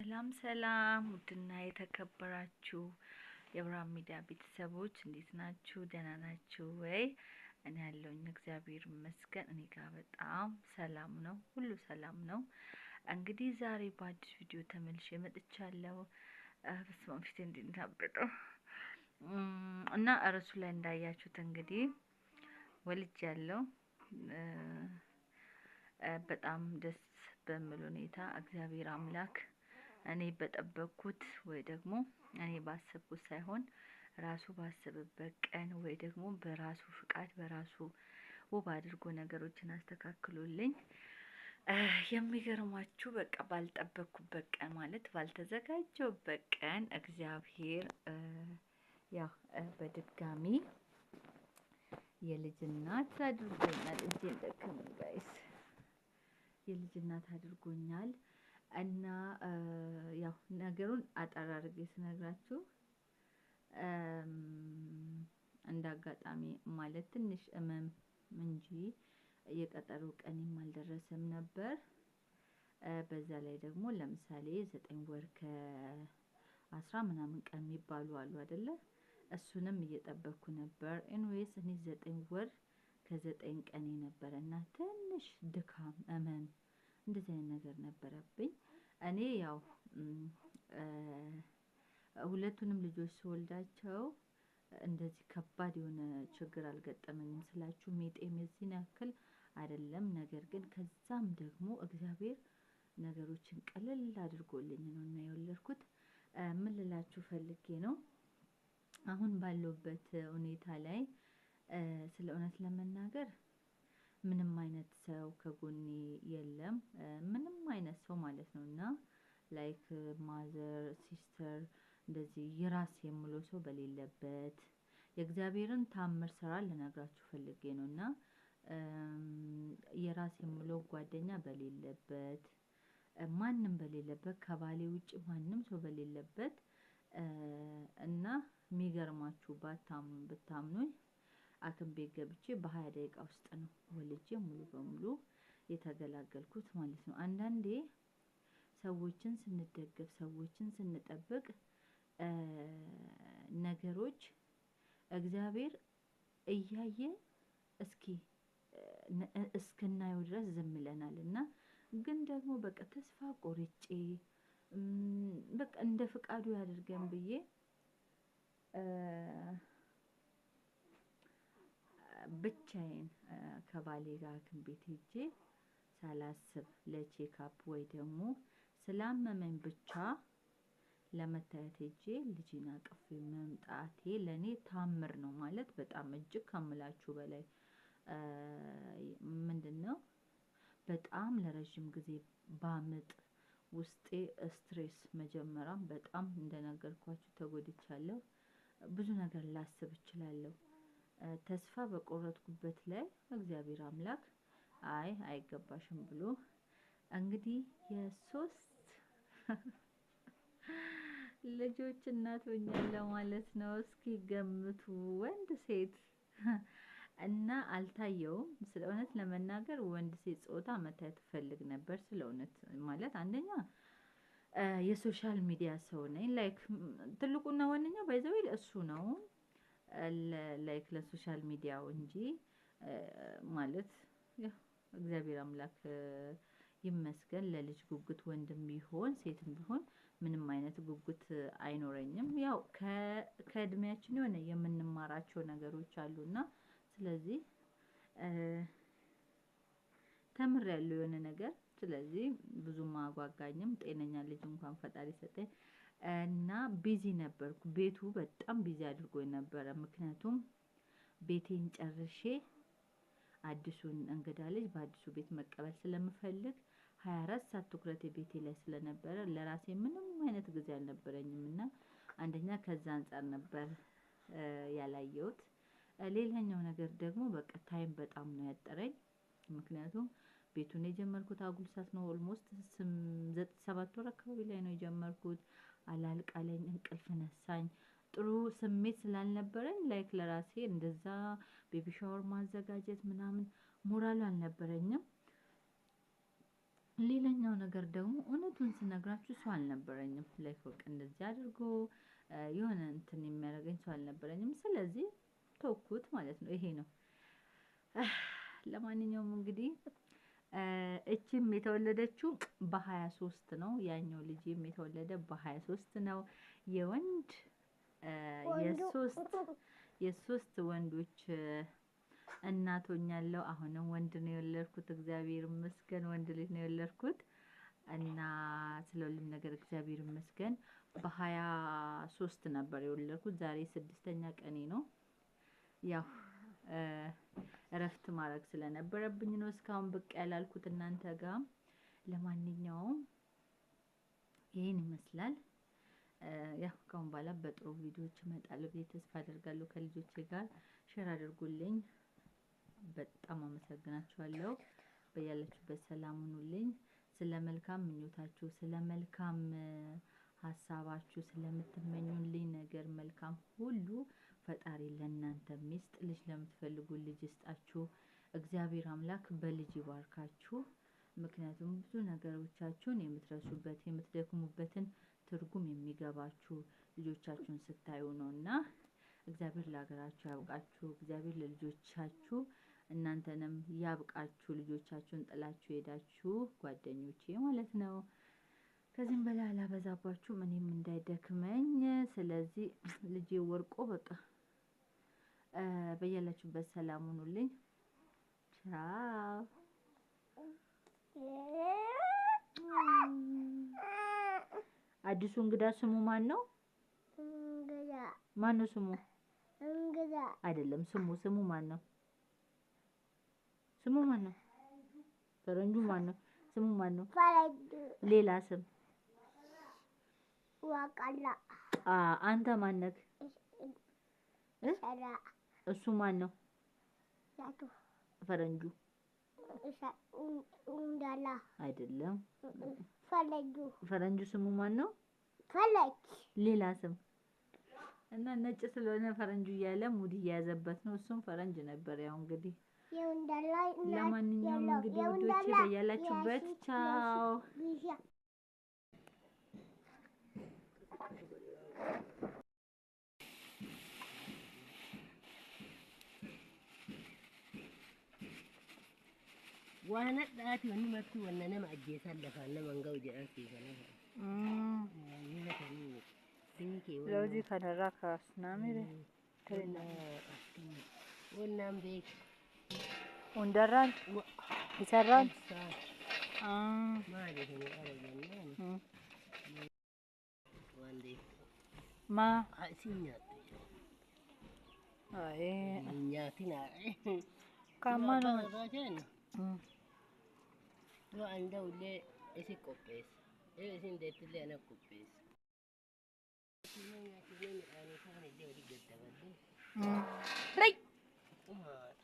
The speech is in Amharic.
ሰላም ሰላም ውድና የተከበራችሁ የብርሃን ሚዲያ ቤተሰቦች እንዴት ናችሁ? ደህና ናችሁ ወይ? እኔ ያለውኝ እግዚአብሔር ይመስገን፣ እኔ ጋር በጣም ሰላም ነው፣ ሁሉ ሰላም ነው። እንግዲህ ዛሬ በአዲስ ቪዲዮ ተመልሼ መጥቻለሁ። በስመአብ ፊቴ እንዴት እና እርሱ ላይ እንዳያችሁት እንግዲህ ወልጅ ያለው በጣም ደስ በሚል ሁኔታ እግዚአብሔር አምላክ እኔ በጠበቅኩት ወይ ደግሞ እኔ ባሰብኩት ሳይሆን ራሱ ባሰበበት ቀን ወይ ደግሞ በራሱ ፍቃድ በራሱ ውብ አድርጎ ነገሮችን አስተካክሎልኝ የሚገርማችሁ በቃ ባልጠበቅኩበት ቀን ማለት ባልተዘጋጀውበት ቀን እግዚአብሔር ያ በድጋሚ የልጅ እናት አድርጎኛል። እጄን ጠቅም ጋይስ የልጅ እናት አድርጎኛል። እና ያው ነገሩን አጠር አድርጌ ስነግራችሁ እንደ አጋጣሚ ማለት ትንሽ እመም እንጂ የቀጠሮ ቀኔም አልደረሰም ነበር። በዛ ላይ ደግሞ ለምሳሌ ዘጠኝ ወር ከአስራ ምናምን ቀን የሚባሉ አሉ አይደለ? እሱንም እየጠበቅኩ ነበር። ኤንዌስ እኔ ዘጠኝ ወር ከዘጠኝ ቀን የነበረ እና ትንሽ ድካም እመም እንደዚህ አይነት ነገር ነበረብኝ። እኔ ያው ሁለቱንም ልጆች ስወልዳቸው እንደዚህ ከባድ የሆነ ችግር አልገጠመኝም ስላችሁ ሜጤም የዚህን ያክል አይደለም። ነገር ግን ከዛም ደግሞ እግዚአብሔር ነገሮችን ቀለል አድርጎልኝ ነው እና የወለድኩት። ምን ልላችሁ ፈልጌ ነው አሁን ባለበት ሁኔታ ላይ ስለ እውነት ለመናገር ምንም አይነት ሰው ከጎኔ የለም። ምንም አይነት ሰው ማለት ነው እና ላይክ ማዘር ሲስተር እንደዚህ የራስ የምለው ሰው በሌለበት የእግዚአብሔርን ታምር ስራ ልነግራችሁ ፈልጌ ነው እና የራስ የምለው ጓደኛ በሌለበት ማንም በሌለበት ከባሌ ውጭ ማንም ሰው በሌለበት እና የሚገርማችሁ ብታምኑኝ ሐኪም ቤት ገብቼ በሀያ ደቂቃ ውስጥ ነው ወልጄ ሙሉ በሙሉ የተገላገልኩት ማለት ነው። አንዳንዴ ሰዎችን ስንደገፍ፣ ሰዎችን ስንጠብቅ ነገሮች እግዚአብሔር እያየ እስኪ እስክናየው ድረስ ዝም ይለናል እና ግን ደግሞ በቃ ተስፋ ቆርጬ በቃ እንደ ፍቃዱ ያደርገን ብዬ ብቻዬን ከባሌ ጋር ሐኪም ቤት ሄጄ ሳላስብ ለቼካፕ ወይ ደግሞ ስላመመኝ ብቻ ለመታየት ሄጄ ልጅን አቅፌ መምጣቴ ለእኔ ታምር ነው ማለት በጣም እጅግ ከምላችሁ በላይ ምንድን ነው በጣም ለረዥም ጊዜ ባምጥ ውስጤ ስትሬስ መጀመሪያም በጣም እንደነገርኳችሁ ተጎድቻለሁ። ብዙ ነገር ላስብ እችላለሁ። ተስፋ በቆረጥኩበት ላይ እግዚአብሔር አምላክ አይ አይገባሽም ብሎ እንግዲህ የሶስት ልጆች እናት ሆኛለሁ ማለት ነው። እስኪ ገምቱ፣ ወንድ ሴት እና አልታየውም። ስለ እውነት ለመናገር ወንድ ሴት ጾታ መታየት ትፈልግ ነበር። ስለ እውነት ማለት አንደኛ የሶሻል ሚዲያ ሰው ነኝ። ላይክ ትልቁና ዋነኛው ባይዘዌል እሱ ነው። ላይክ ለሶሻል ሚዲያው እንጂ ማለት እግዚአብሔር አምላክ ይመስገን ለልጅ ጉጉት ወንድም ቢሆን ሴትም ቢሆን ምንም አይነት ጉጉት አይኖረኝም። ያው ከእድሜያችን የሆነ የምንማራቸው ነገሮች አሉና ስለዚህ ተምር ያለው የሆነ ነገር ስለዚህ ብዙም አጓጋኝም። ጤነኛ ልጅ እንኳን ፈጣሪ ሰጠኝ። እና ቢዚ ነበርኩ። ቤቱ በጣም ቢዚ አድርጎ ነበረ። ምክንያቱም ቤቴን ጨርሼ አዲሱን እንግዳ ልጅ በአዲሱ ቤት መቀበል ስለምፈልግ ሀያ አራት ሰዓት ትኩረት ቤቴ ላይ ስለነበረ ለራሴ ምንም አይነት ጊዜ አልነበረኝም እና አንደኛ ከዛ አንጻር ነበር ያላየሁት። ሌላኛው ነገር ደግሞ በቃ ታይም በጣም ነው ያጠረኝ። ምክንያቱም ቤቱን የጀመርኩት አጉል ሰዓት ነው። ኦልሞስት ሰባት ወር አካባቢ ላይ ነው የጀመርኩት። አላልቃለኝ፣ እንቅልፍ ነሳኝ። ጥሩ ስሜት ስላልነበረኝ ላይክ ለራሴ እንደዛ ቤቢ ሻወር ማዘጋጀት ምናምን ሞራሉ አልነበረኝም። ሌላኛው ነገር ደግሞ እውነቱን ስነግራችሁ ሰው አልነበረኝም። ላይክ ወቅ እንደዚህ አድርጎ የሆነ እንትን የሚያደርገኝ ሰው አልነበረኝም። ስለዚህ ተውኩት ማለት ነው። ይሄ ነው። ለማንኛውም እንግዲህ እችም የተወለደችው በሀያ ሶስት ነው። ያኛው ልጅ የተወለደ በሀያ ሶስት ነው። የወንድ የሶስት የሶስት ወንዶች እናቶኛለሁ። አሁንም ወንድ ነው የወለድኩት። እግዚአብሔር ይመስገን ወንድ ልጅ ነው የወለድኩት እና ስለ ሁሉም ነገር እግዚአብሔር ይመስገን። በሀያ ሶስት ነበር የወለድኩት። ዛሬ ስድስተኛ ቀኔ ነው ያው እረፍት ማድረግ ስለነበረብኝ ነው እስካሁን ብቅ ያላልኩት እናንተ ጋር። ለማንኛውም ይህን ይመስላል። ያው ካሁን በኋላ በጥሩ ቪዲዮዎች እመጣለሁ ብዬ ተስፋ አደርጋለሁ። ከልጆቼ ጋር ሼር አድርጉልኝ። በጣም አመሰግናችኋለሁ። በያላችሁበት ሰላም ሁኑልኝ። ስለ መልካም ምኞታችሁ፣ ስለ መልካም ሀሳባችሁ፣ ስለምትመኙልኝ ነገር መልካም ሁሉ ፈጣሪ ለእናንተ ሚስጥ ልጅ ለምትፈልጉ ልጅ ይስጣችሁ። እግዚአብሔር አምላክ በልጅ ይባርካችሁ። ምክንያቱም ብዙ ነገሮቻችሁን የምትረሱበት የምትደክሙበትን ትርጉም የሚገባችሁ ልጆቻችሁን ስታዩ ነው እና እግዚአብሔር ለሀገራችሁ ያብቃችሁ። እግዚአብሔር ለልጆቻችሁ እናንተንም ያብቃችሁ። ልጆቻችሁን ጥላችሁ ሄዳችሁ ጓደኞቼ ማለት ነው። ከዚህም በላይ አላበዛባችሁም፣ እኔም እንዳይደክመኝ። ስለዚህ ልጄ ወርቆ በቃ በያላችሁበት ሰላም ሁኑልኝ። አዲሱ እንግዳ ስሙ ማን ነው? ማን ነው ስሙ? እንግዳ አይደለም። ስሙ ስሙ ማን ነው? ስሙ ማን ነው? ፈረንጁ ማን ነው? ስሙ ማን ነው? ሌላ ስም ዋቃላ። አንተ ማነክ? እሱ ማን ነው? ፈረንጁ አይደለም። ፈረንጁ ስሙ ማን ነው? ፈለክ ሌላ ስም እና ነጭ ስለሆነ ፈረንጁ እያለ ሙድ እየያዘበት ነው። እሱም ፈረንጅ ነበር። ያው እንግዲህ ለማንኛውም እንግዲህ ውዶች በያላችሁበት ቻው። wani dati wani mafi wani na ma'aje sallafa na mangauje mm. eh, mm. mm. ah. ma a sin ya lo anda ule ese copes. Ele sin de tele ana copes. Mm. Right.